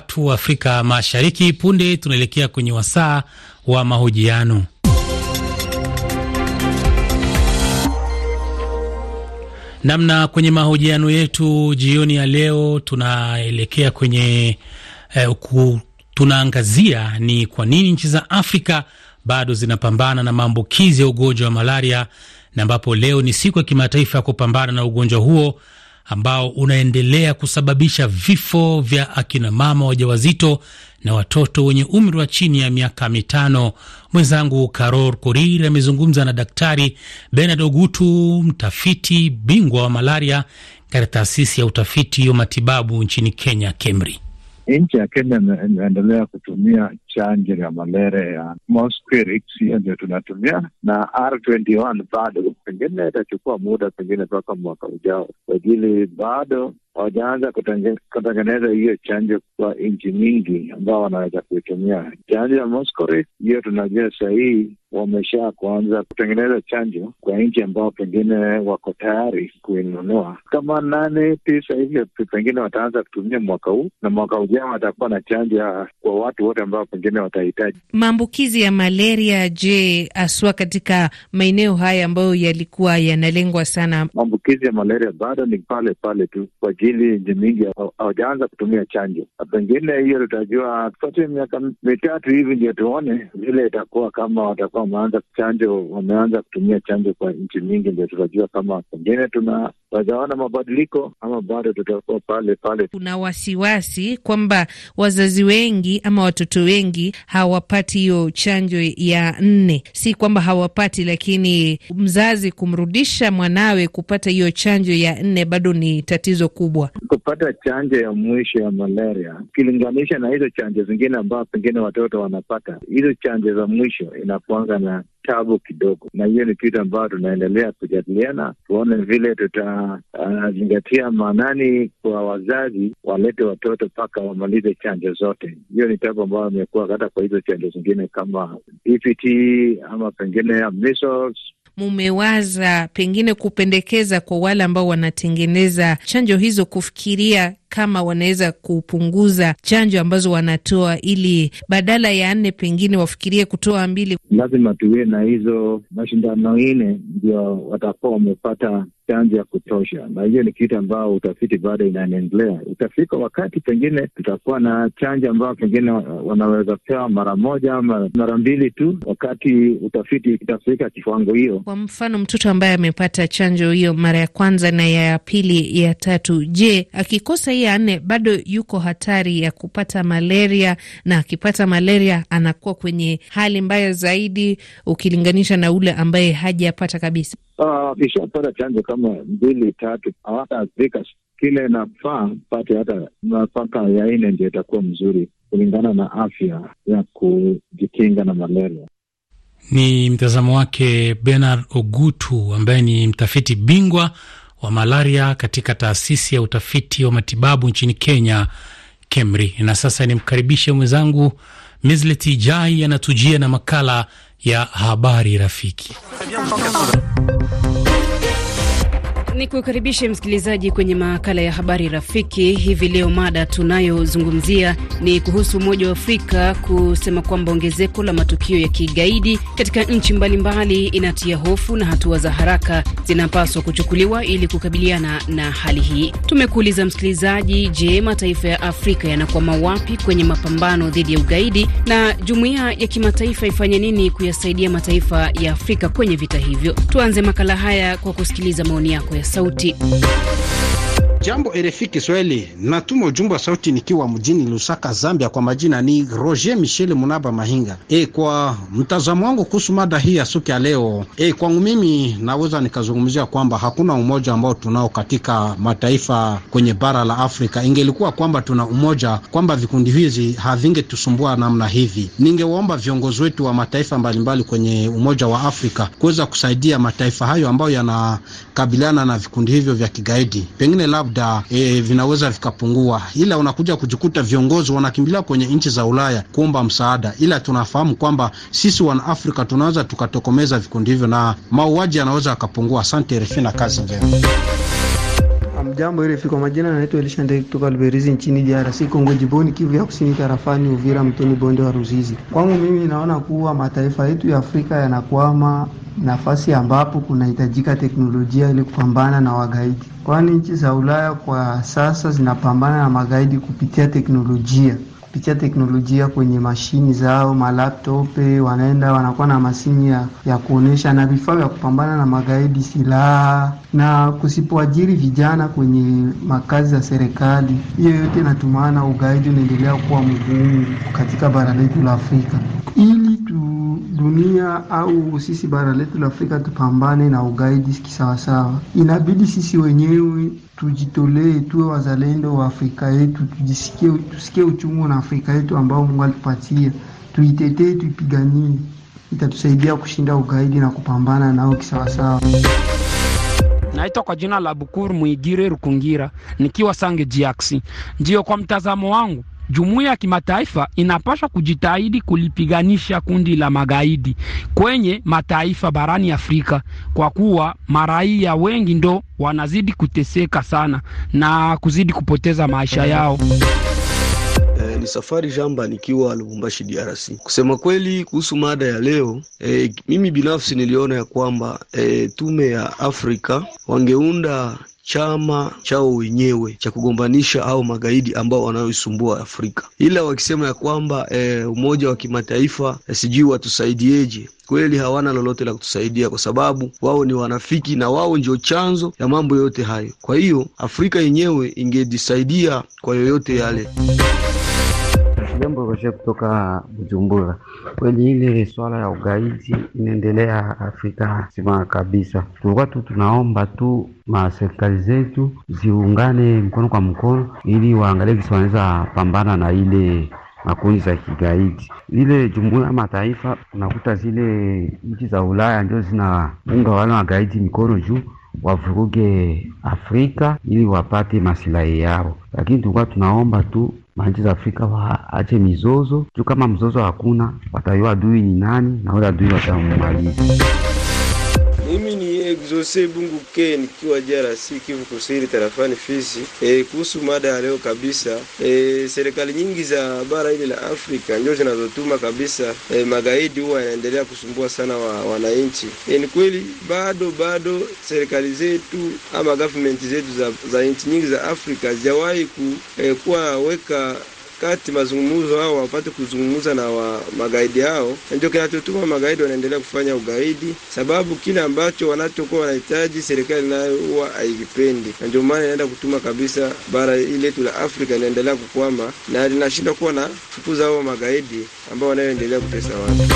tatu Afrika Mashariki. Punde tunaelekea kwenye wasaa wa mahojiano. Namna kwenye mahojiano yetu jioni ya leo tunaelekea kwenye eh, ku, tunaangazia ni kwa nini nchi za Afrika bado zinapambana na maambukizi ya ugonjwa wa malaria na ambapo leo ni siku ya kimataifa ya kupambana na ugonjwa huo ambao unaendelea kusababisha vifo vya akina mama wajawazito na watoto wenye umri wa chini ya miaka mitano. Mwenzangu Karor Korir amezungumza na Daktari Benard Ogutu, mtafiti bingwa wa malaria katika taasisi ya utafiti wa matibabu nchini Kenya, KEMRI. Nchi ya Kenya imeendelea kutumia chanjo ya malaria ya Mosquirix, hiyo ndio tunatumia na R21 bado, pengine itachukua muda, pengine mpaka mwaka ujao, kwa ajili bado wajaanza kutengeneza hiyo chanjo kwa nchi nyingi ambao wanaweza kuitumia chanjo ya moscore Hiyo tunajua sahii wamesha kuanza kutengeneza chanjo kwa nchi ambao pengine wako tayari kuinunua kama nane tisa hivyo, pengine wataanza kutumia mwaka huu na mwaka ujao watakuwa na chanjo kwa watu wote ambao pengine watahitaji. Maambukizi ya malaria, je, haswa katika maeneo haya ambayo yalikuwa yanalengwa sana? Maambukizi ya malaria bado ni pale pale tu kwa ili mingi hawajaanza kutumia chanjo. Pengine hiyo tutajua tupate miaka mitatu hivi ndio tuone vile itakuwa, kama watakuwa wameanza chanjo, wameanza kutumia chanjo kwa nchi mingi, ndio tutajua kama pengine tuna wazaona mabadiliko ama bado tutakuwa pale pale. Kuna wasiwasi kwamba wazazi wengi ama watoto wengi hawapati hiyo chanjo ya nne. Si kwamba hawapati, lakini mzazi kumrudisha mwanawe kupata hiyo chanjo ya nne bado ni tatizo kubwa. Kupata chanjo ya mwisho ya malaria ukilinganisha na hizo chanjo zingine ambayo pengine watoto wanapata, hizo chanjo za mwisho inakuanga na tabu kidogo, na hiyo ni kitu ambayo tunaendelea kujadiliana, tuone vile tutazingatia uh, maanani kwa wazazi walete watoto mpaka wamalize chanjo zote. Hiyo ni tabu ambayo imekuwa hata kwa hizo chanjo zingine kama DPT e ama pengine ya measles. Mumewaza pengine kupendekeza kwa wale ambao wanatengeneza chanjo hizo kufikiria kama wanaweza kupunguza chanjo ambazo wanatoa, ili badala ya nne pengine wafikirie kutoa mbili. Lazima tuwe na hizo mashindano nne, ndio watakuwa wamepata chanjo ya kutosha, na hiyo ni kitu ambao utafiti bado inaendelea. Utafika wakati pengine tutakuwa na chanjo ambao pengine wanaweza pewa mara moja ama mara mbili tu, wakati utafiti itafika kiwango hiyo. Kwa mfano, mtoto ambaye amepata chanjo hiyo mara ya kwanza na ya pili, ya tatu, je, akikosa zaidi bado yuko hatari ya kupata malaria, na akipata malaria anakuwa kwenye hali mbaya zaidi ukilinganisha na ule ambaye hajapata kabisa. Ah, akishapata uh, chanjo kama mbili tatu, hawataathirika. Kile nafaa pate hata mapaka ya nne ndio itakuwa mzuri kulingana na afya ya kujikinga na malaria. Ni mtazamo wake Bernard Ogutu ambaye ni mtafiti bingwa wa malaria katika taasisi ya utafiti wa matibabu nchini Kenya, KEMRI. Na sasa nimkaribishe mwenzangu Misleti Jai anatujia na makala ya habari rafiki ni kukaribishe msikilizaji kwenye makala ya habari rafiki. Hivi leo mada tunayozungumzia ni kuhusu Umoja wa Afrika kusema kwamba ongezeko la matukio ya kigaidi katika nchi mbalimbali inatia hofu na hatua za haraka zinapaswa kuchukuliwa ili kukabiliana na hali hii. Tumekuuliza msikilizaji, je, mataifa ya Afrika yanakwama wapi kwenye mapambano dhidi ya ugaidi na jumuiya ya kimataifa ifanye nini kuyasaidia mataifa ya Afrika kwenye vita hivyo? Tuanze makala haya kwa kusikiliza maoni yako ya sauti. Jambo RFI Kiswahili, natuma ujumbe wa sauti nikiwa mjini Lusaka, Zambia. Kwa majina ni Roger Michel Munaba Mahinga. E, kwa mtazamo wangu kuhusu mada hii ya suki ya leo, e, kwangu mimi naweza nikazungumzia kwamba hakuna umoja ambao tunao katika mataifa kwenye bara la Afrika. Ingelikuwa kwamba tuna umoja, kwamba vikundi hizi havingetusumbua namna hivi. Ningewaomba viongozi wetu wa mataifa mbalimbali kwenye Umoja wa Afrika kuweza kusaidia mataifa hayo ambayo yanakabiliana na vikundi hivyo vya kigaidi, pengine labda labda e, vinaweza vikapungua, ila unakuja kujikuta viongozi wanakimbilia kwenye nchi za Ulaya kuomba msaada, ila tunafahamu kwamba sisi Wanaafrika tunaweza tukatokomeza vikundi hivyo na mauaji yanaweza yakapungua. Asante RFI na kazi njema jambo ile kwa majina naitwa Elisha Ndege kutoka Luberizi nchini DRC Kongo, jiboni Kivu ya Kusini, tarafani Uvira, mtoni bonde wa Ruzizi. Kwangu mimi naona kuwa mataifa yetu ya Afrika yanakwama nafasi ambapo kunahitajika teknolojia ili kupambana na wagaidi, kwani nchi za Ulaya kwa sasa zinapambana na magaidi kupitia teknolojia kupitia teknolojia kwenye mashini zao, malaptop, wanaenda wanakuwa na masimu ya, ya kuonyesha na vifaa vya kupambana na magaidi, silaha na kusipoajiri vijana kwenye makazi za serikali, hiyo yote inatumana ugaidi unaendelea kuwa mgumu katika bara letu la Afrika ili tu dunia au sisi bara letu la Afrika tupambane na ugaidi kisawasawa, inabidi sisi wenyewe tujitolee, tuwe wazalendo wa Afrika yetu, tujisikie, tusikie uchungu na Afrika yetu ambao Mungu alitupatia, tuitetee, tuipiganie. Itatusaidia kushinda ugaidi na kupambana nao kisawasawa. Naitwa kwa jina la Bukuru Mwigire Rukungira nikiwa Sange Jiaksi. Ndio, kwa mtazamo wangu jumuiya ya kimataifa inapaswa kujitahidi kulipiganisha kundi la magaidi kwenye mataifa barani Afrika, kwa kuwa maraia wengi ndo wanazidi kuteseka sana na kuzidi kupoteza maisha yao. Eh, ni safari jamba nikiwa Lubumbashi DRC. Kusema kweli kuhusu mada ya leo e, mimi binafsi niliona ya kwamba e, tume ya Afrika wangeunda chama chao wenyewe cha kugombanisha au magaidi ambao wanaoisumbua Afrika, ila wakisema ya kwamba e, umoja wa kimataifa e, sijui watusaidieje kweli hawana lolote la kutusaidia kwa sababu wao ni wanafiki na wao ndio chanzo ya mambo yote hayo. Kwa hiyo Afrika yenyewe ingejisaidia kwa yoyote yale. Jambo Roje kutoka Bujumbura. Kweli ile swala ya ugaidi inaendelea Afrika sima kabisa, tulikuwa tu tunaomba tu maserikali zetu ziungane mkono kwa mkono, ili waangalie visi wanaweza pambana na ile makundi za kigaidi. Ile jumuiya ya mataifa unakuta zile nchi za Ulaya ndio zinaunga wale magaidi mikono juu wavuruge Afrika ili wapate masilahi yao, lakini tulikuwa tunaomba tu manchi za Afrika waache mizozo tu. Kama mzozo hakuna, watayua adui ni nani na wale adui watamumaliza. Mimi ni Exose Bungu K nikiwa DRC Kivu Kusini tarafani Fizi. E, kuhusu mada ya leo kabisa, e, serikali nyingi za bara hili la Afrika ndio zinazotuma kabisa. E, magaidi huwa yanaendelea kusumbua sana wa, wananchi. E, ni kweli bado bado serikali zetu ama government zetu za, za nchi nyingi za Afrika zijawahi ku, e, kuwa weka kati mazungumzo hao wapate kuzungumza na wa magaidi hao, ndio kinachotuma magaidi wanaendelea kufanya ugaidi, sababu kile ambacho wanachokuwa wanahitaji serikali nayo huwa haikipendi, na ndio maana inaenda kutuma kabisa bara hili letu la Afrika inaendelea kukwama na linashindwa kuwa na fukuza hao magaidi ambao wanayoendelea kutesa watu.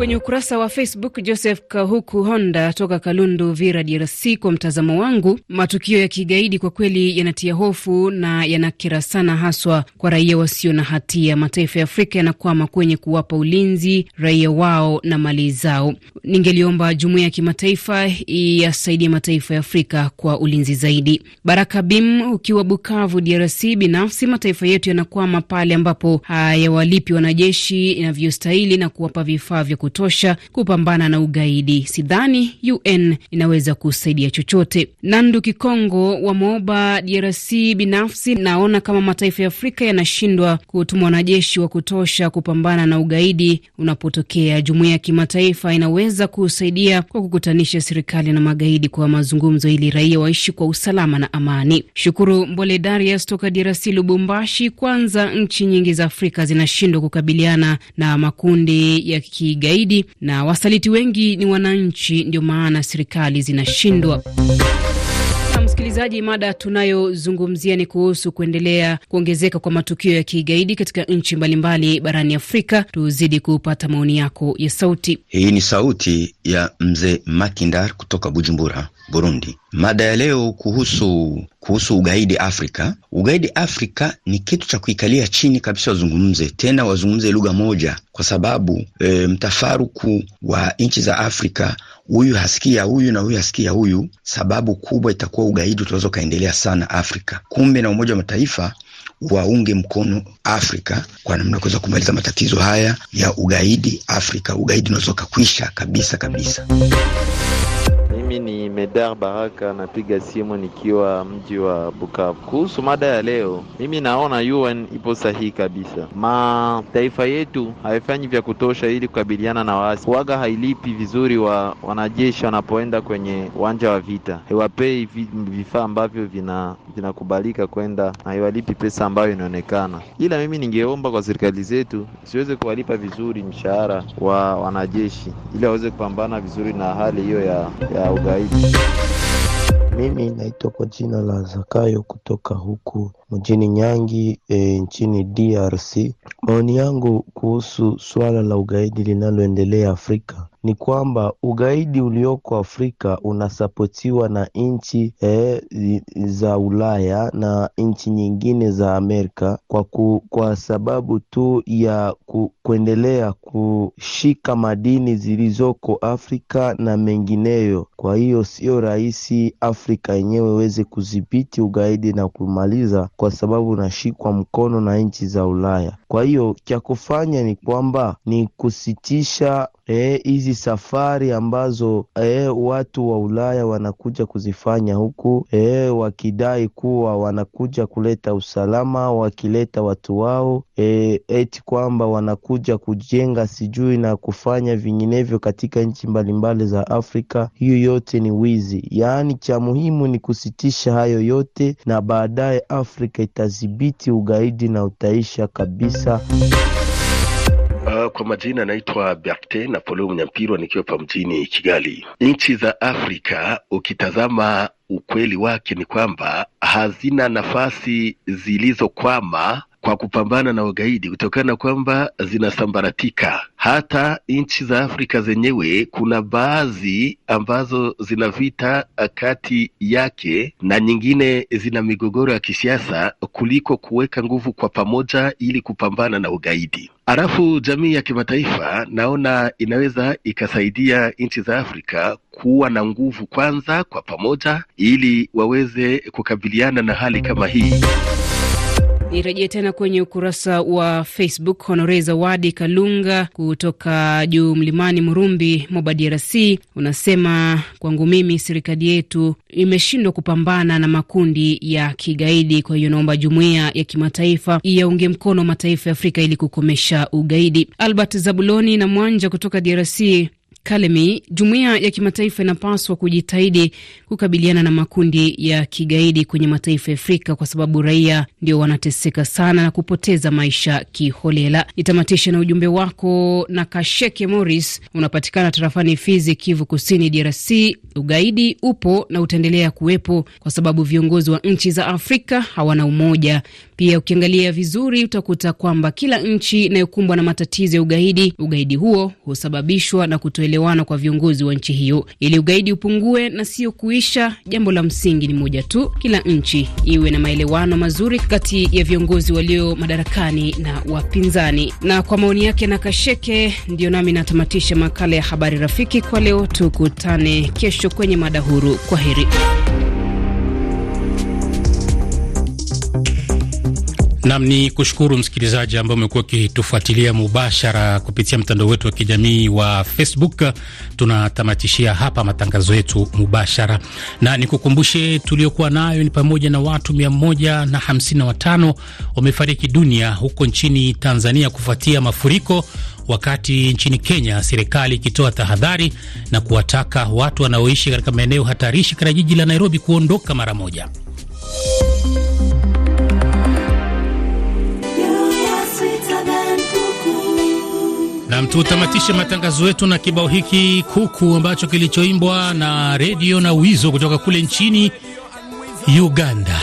Kwenye ukurasa wa Facebook, Joseph Kahuku Honda toka Kalundu Vira, DRC: kwa mtazamo wangu, matukio ya kigaidi kwa kweli yanatia hofu na yanakera sana, haswa kwa raia wasio na hatia. Mataifa ya Afrika yanakwama kwenye kuwapa ulinzi raia wao na mali zao. Ningeliomba jumuiya ya kimataifa iyasaidia mataifa ya Afrika kwa ulinzi zaidi. Baraka Bim ukiwa Bukavu, DRC: binafsi mataifa yetu yanakwama pale ambapo hayawalipi wanajeshi inavyostahili na kuwapa vifaa vya kutosha kupambana na ugaidi. Sidhani UN inaweza kusaidia chochote. Nandu Kikongo wa Moba, DRC: binafsi naona kama mataifa ya Afrika yanashindwa kutuma wanajeshi wa kutosha kupambana na ugaidi unapotokea. Jumuiya ya kimataifa inaweza kusaidia kwa kukutanisha serikali na magaidi kwa mazungumzo, ili raia waishi kwa usalama na amani. Shukuru Mbole Darius toka DRC, Lubumbashi. Kwanza nchi nyingi za Afrika zinashindwa kukabiliana na makundi ya kigaidi zaidi, na wasaliti wengi ni wananchi, ndio maana serikali zinashindwa. Msikilizaji, mada tunayozungumzia ni kuhusu kuendelea kuongezeka kwa matukio ya kigaidi katika nchi mbalimbali barani Afrika. Tuzidi kupata maoni yako ya sauti. Hii ni sauti ya mzee Makindar kutoka Bujumbura. Burundi. Mada ya leo kuhusu kuhusu ugaidi Afrika. Ugaidi Afrika ni kitu cha kuikalia chini kabisa, wazungumze tena, wazungumze lugha moja, kwa sababu e, mtafaruku wa nchi za Afrika, huyu hasikia huyu na huyu hasikia huyu, sababu kubwa itakuwa ugaidi utaweza ukaendelea sana Afrika. Kumbe na Umoja wa Mataifa waunge mkono Afrika kwa namna kuweza kumaliza matatizo haya ya ugaidi Afrika. Ugaidi unaweza ukakwisha kabisa kabisa. Mimi ni Medar Baraka, napiga simu nikiwa mji wa Bukavu. Kuhusu mada ya leo, mimi naona UN ipo sahihi kabisa. Mataifa yetu haifanyi vya kutosha ili kukabiliana na waasi, waga hailipi vizuri wa wanajeshi wanapoenda kwenye uwanja wa vita, haiwapei vifaa ambavyo vina vinakubalika kwenda, haiwalipi pesa ambayo inaonekana. Ila mimi ningeomba kwa serikali zetu siweze kuwalipa vizuri mshahara wa wanajeshi, ili waweze kupambana vizuri na hali hiyo ya, ya verdade Mimi naitwa kwa jina la Zakayo kutoka huku mjini Nyangi e, nchini DRC. Maoni yangu kuhusu suala la ugaidi linaloendelea Afrika ni kwamba ugaidi ulioko Afrika unasapotiwa na nchi e, za Ulaya na nchi nyingine za Amerika kwa, ku, kwa sababu tu ya ku, kuendelea kushika madini zilizoko Afrika na mengineyo. Kwa hiyo sio rahisi Afrika Afrika yenyewe iweze kudhibiti ugaidi na kumaliza, kwa sababu unashikwa mkono na nchi za Ulaya. Kwa hiyo cha kufanya ni kwamba ni kusitisha eh, hizi e, safari ambazo e, watu wa Ulaya wanakuja kuzifanya huku e, wakidai kuwa wanakuja kuleta usalama, wakileta watu wao e, eti kwamba wanakuja kujenga sijui na kufanya vinginevyo katika nchi mbalimbali za Afrika. Hiyo yote ni wizi, yaani cha muhimu ni kusitisha hayo yote, na baadaye Afrika itadhibiti ugaidi na utaisha kabisa. Ah, kwa majina naitwa Bertin Napoleo Mnyampirwa, nikiwa pa mjini Kigali. Nchi za Afrika ukitazama ukweli wake ni kwamba hazina nafasi zilizokwama kwa kupambana na ugaidi kutokana na kwamba zinasambaratika. Hata nchi za Afrika zenyewe kuna baadhi ambazo zina vita kati yake na nyingine zina migogoro ya kisiasa kuliko kuweka nguvu kwa pamoja ili kupambana na ugaidi. Halafu jamii ya kimataifa naona inaweza ikasaidia nchi za Afrika kuwa na nguvu kwanza kwa pamoja ili waweze kukabiliana na hali kama hii. Nirejee tena kwenye ukurasa wa Facebook. Honore Zawadi Kalunga kutoka juu mlimani Murumbi, Moba, DRC, unasema kwangu mimi serikali yetu imeshindwa kupambana na makundi ya kigaidi. Kwa hiyo naomba jumuiya ya kimataifa yaunge mkono mataifa ya Afrika ili kukomesha ugaidi. Albert Zabuloni na Mwanja kutoka DRC Kalemi, jumuiya ya kimataifa inapaswa kujitahidi kukabiliana na makundi ya kigaidi kwenye mataifa ya Afrika kwa sababu raia ndio wanateseka sana na kupoteza maisha kiholela. Nitamatisha na ujumbe wako na Kasheke Morris, unapatikana tarafani Fizi, Kivu Kusini, DRC. Ugaidi upo na utaendelea kuwepo kwa sababu viongozi wa nchi za Afrika hawana umoja. Pia ukiangalia vizuri utakuta kwamba kila nchi inayokumbwa na matatizo ya ugaidi, ugaidi huo husababishwa na kutoelewana kwa viongozi wa nchi hiyo. Ili ugaidi upungue na sio kuisha, jambo la msingi ni moja tu, kila nchi iwe na maelewano mazuri kati ya viongozi walio madarakani na wapinzani. Na kwa maoni yake na Kasheke, ndiyo nami natamatisha makala ya habari rafiki kwa leo. Tukutane kesho kwenye mada huru. Kwa heri. Nam ni kushukuru msikilizaji ambaye umekuwa ukitufuatilia mubashara kupitia mtandao wetu wa kijamii wa Facebook. Tunatamatishia hapa matangazo yetu mubashara, na nikukumbushe tuliokuwa nayo ni pamoja na watu 155 wamefariki dunia huko nchini Tanzania kufuatia mafuriko, wakati nchini Kenya serikali ikitoa tahadhari na kuwataka watu wanaoishi katika maeneo hatarishi katika jiji la Nairobi kuondoka mara moja. Nam, tutamatishe matangazo yetu na kibao hiki kuku ambacho kilichoimbwa na redio na wizo kutoka kule nchini Uganda.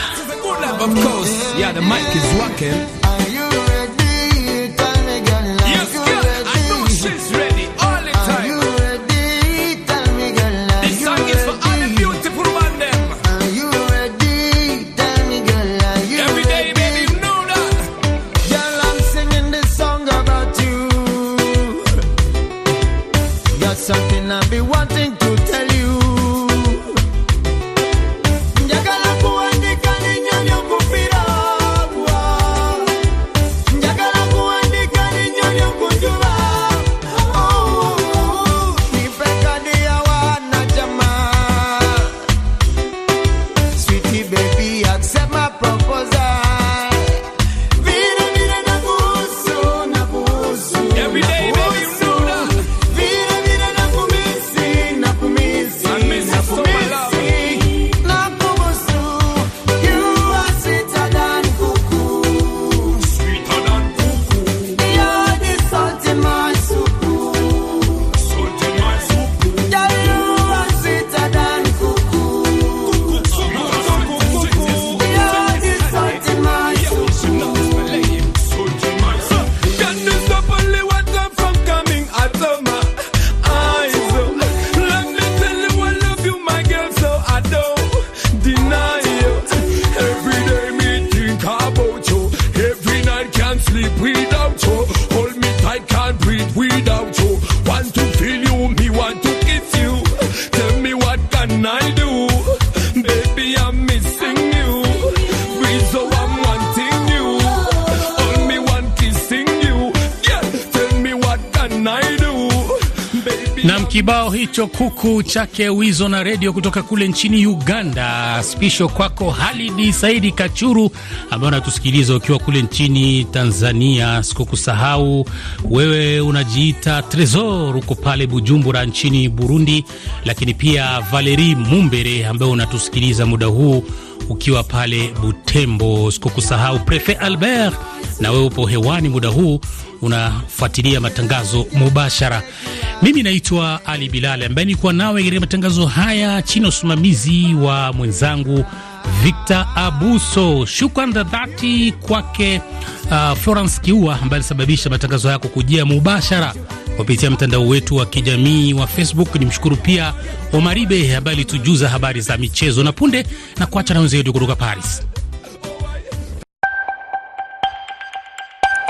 Nam Kibao hicho kuku chake Wizo na redio kutoka kule nchini Uganda. Spisho kwako Halidi Saidi Kachuru ambaye unatusikiliza ukiwa kule nchini Tanzania. Sikukusahau wewe, unajiita Tresor huko pale Bujumbura nchini Burundi, lakini pia Valeri Mumbere ambaye unatusikiliza muda huu ukiwa pale Butembo. Sikukusahau Prefe Albert, na wewe upo hewani muda huu unafuatilia matangazo mubashara. Mimi naitwa ali Bilali ambaye nilikuwa nawe katika matangazo haya chini ya usimamizi wa mwenzangu Victor Abuso. Shukran za dhati kwake uh, Florence Kiua ambaye alisababisha matangazo haya kukujia mubashara kupitia mtandao wetu wa kijamii wa Facebook. ni mshukuru pia Omaribe ambaye alitujuza habari za michezo na punde na kuacha na wenzetu kutoka Paris.